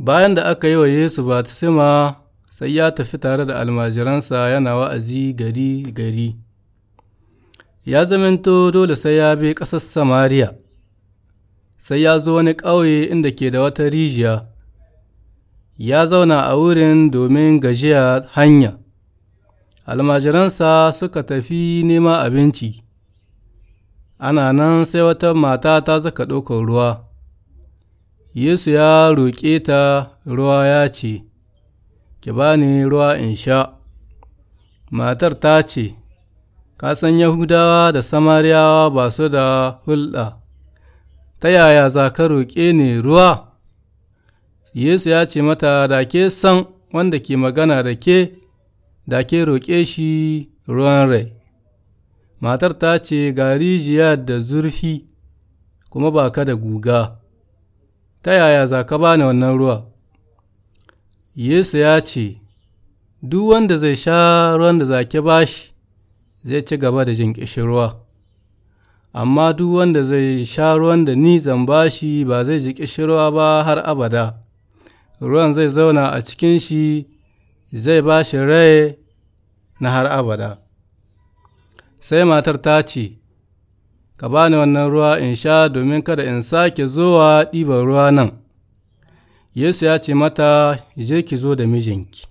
Bayan da aka yi wa Yesu batisima, sai ya tafi tare da almajiransa yana wa'azi gari-gari. Ya zamanto dole sai ya bi ƙasar Samariya, sai ya zo wani ƙauye inda ke da wata rijiya, ya zauna a wurin domin gajiya hanya. Almajiransa suka tafi nema abinci, ana nan sai wata mata ta zaka ɗaukar ruwa. Yesu ya roƙe ta ruwa ya ce, Ki ba ni ruwa in sha. Matar ta ce, Ka san Yahudawa da Samariyawa ba su da hulɗa, ta yaya za ka roƙe ni ruwa? Yesu ya ce mata, Da ke san wanda ke magana da ke, da ke roƙe shi ruwan rai. Matar ta ce, Ga rijiya da zurfi, kuma ba ka da guga. ta yaya za ka bani wannan ruwa? Yesu ya ce, Duk wanda zai sha ruwan da za ke bashi, zai ci gaba da jin ƙishirwa, amma duk wanda zai sha ruwan da ni zan ba ba zai ji ƙishirwa ba har abada, ruwan zai zauna a cikin shi zai bashi rai na har abada. Sai matar ta ce, ka ba ni wannan ruwa in sha domin kada in sake zuwa ɗiban ruwa nan. Yesu ya ce mata, Je ki zo da mijinki,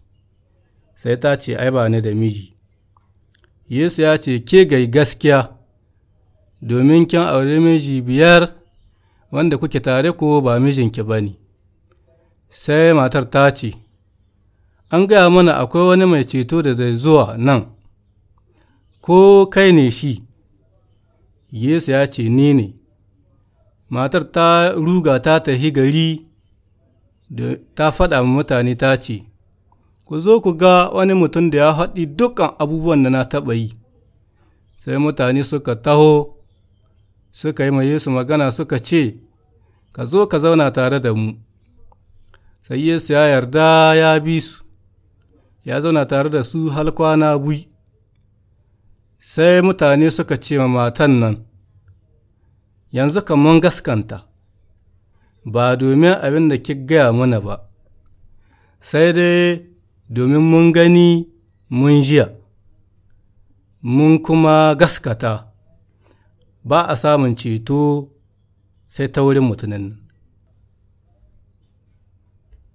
sai ta ce, Ai, ba ni da miji. Yesu ya ce, Ke gai gaskiya, domin kin aure miji biyar wanda kuke tare ko ba mijinki ba ne. Sai matar ta ce, An gaya mana akwai wani mai ceto da zai zuwa nan, ko kai ne shi. Yesu ya ce ni ne, matar ta ruga ta tafi gari da ta faɗa mutane ta ce, Ku zo ku ga wani mutum da ya faɗi dukkan abubuwan da na taɓa yi, sai mutane suka taho, suka yi ma Yesu magana suka ce, Ka zo ka zauna tare da mu, sai Yesu ya yarda ya bi su, ya zauna tare da su halkwana kwana bui. sai mutane suka ce ma matan nan, Yanzu mun gaskanta, ba domin abin da ki gaya mana ba, sai dai domin mun gani mun jiya, mun kuma gaskata, ba a samun ceto sai ta wurin mutunan nan.